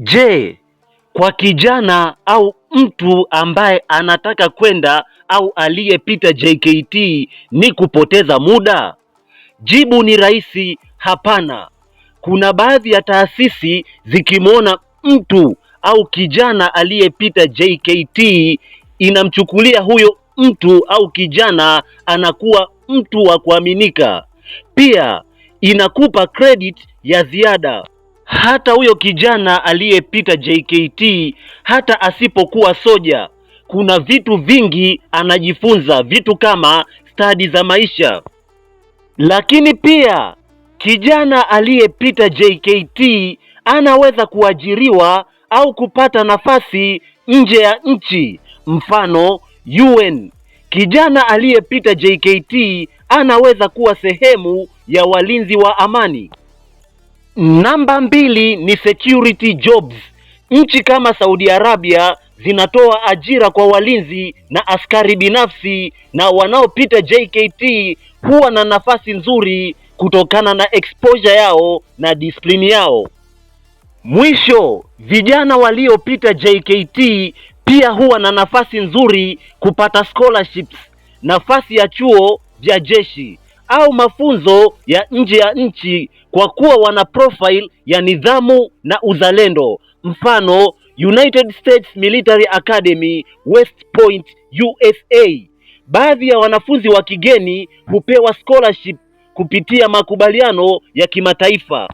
Je, kwa kijana au mtu ambaye anataka kwenda au aliyepita JKT ni kupoteza muda? Jibu ni rahisi, hapana. Kuna baadhi ya taasisi zikimwona mtu au kijana aliyepita JKT inamchukulia huyo mtu au kijana anakuwa mtu wa kuaminika. Pia inakupa credit ya ziada. Hata huyo kijana aliyepita JKT, hata asipokuwa soja, kuna vitu vingi anajifunza, vitu kama stadi za maisha. Lakini pia kijana aliyepita JKT anaweza kuajiriwa au kupata nafasi nje ya nchi, mfano UN. Kijana aliyepita JKT anaweza kuwa sehemu ya walinzi wa amani. Namba mbili ni security jobs. Nchi kama Saudi Arabia zinatoa ajira kwa walinzi na askari binafsi, na wanaopita JKT huwa na nafasi nzuri kutokana na exposure yao na discipline yao. Mwisho, vijana waliopita JKT pia huwa na nafasi nzuri kupata scholarships, nafasi ya chuo vya jeshi au mafunzo ya nje ya nchi kwa kuwa wana profile ya nidhamu na uzalendo, mfano United States Military Academy, West Point, USA. Baadhi ya wanafunzi wa kigeni hupewa scholarship kupitia makubaliano ya kimataifa.